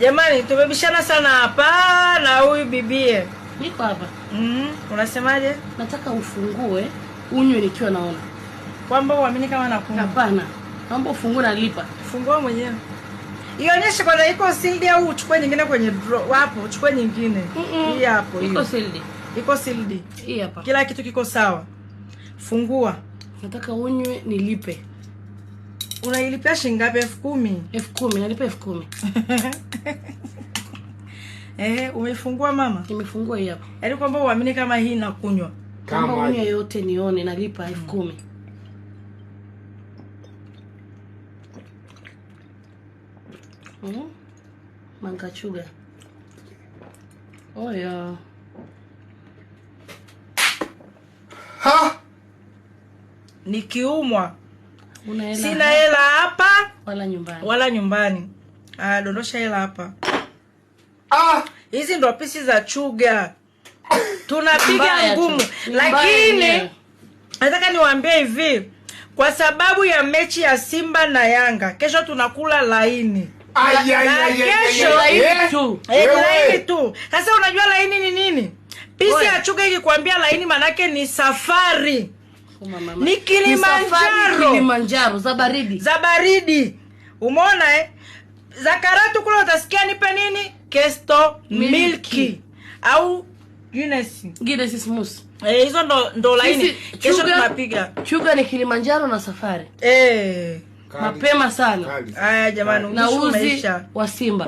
Jamani, tumebishana sana hapa na huyu bibie. Niko hapa. Mm, unasemaje? Nataka ufungue unywe nikiwa naona. Kwamba uamini kama nakunywa. Hapana. Naomba ufungue na lipa. Fungua mwenyewe. Ionyeshe kwanza iko sealed au uchukue nyingine kwenye draw. Hapo uchukue nyingine. Mm -mm. Hii hapo. hiyo. Iko sealed. Iko sealed. Hii hapa. Kila kitu kiko sawa. Fungua. Nataka unywe nilipe unailipia shilingi ngapi? elfu kumi elfu kumi nalipa elfu kumi Eh, umefungua mama? Nimefungua hii hapa. Yaani kwamba uamini kama hii nakunywa. Kama unywe yote nione nalipa elfu kumi. Mm. Manga chuga. Oh ya. Ha! Nikiumwa sina hela hapa wala nyumbani, wala nyumbani. Ah, dondosha hela hapa. Ah! Hizi ah, ndo pisi za chuga tunapiga ngumu, lakini nataka niwaambie hivi, kwa sababu ya mechi ya Simba na Yanga kesho tunakula laini kesho laini tu. Sasa unajua laini ni nini? Pisi ya chuga ikikwambia laini, manake ni safari ni Kilimanjaro, Kilimanjaro za baridi, za baridi. Umeona eh? za Karatu kule utasikia nipe nini kesto milki, milki. au Guinness Guinness eh, hizo ndo ndo laini. Kesho tunapiga chuga ni Kilimanjaro na safari eh, mapema sana. Haya jamani, na uzi wa Simba.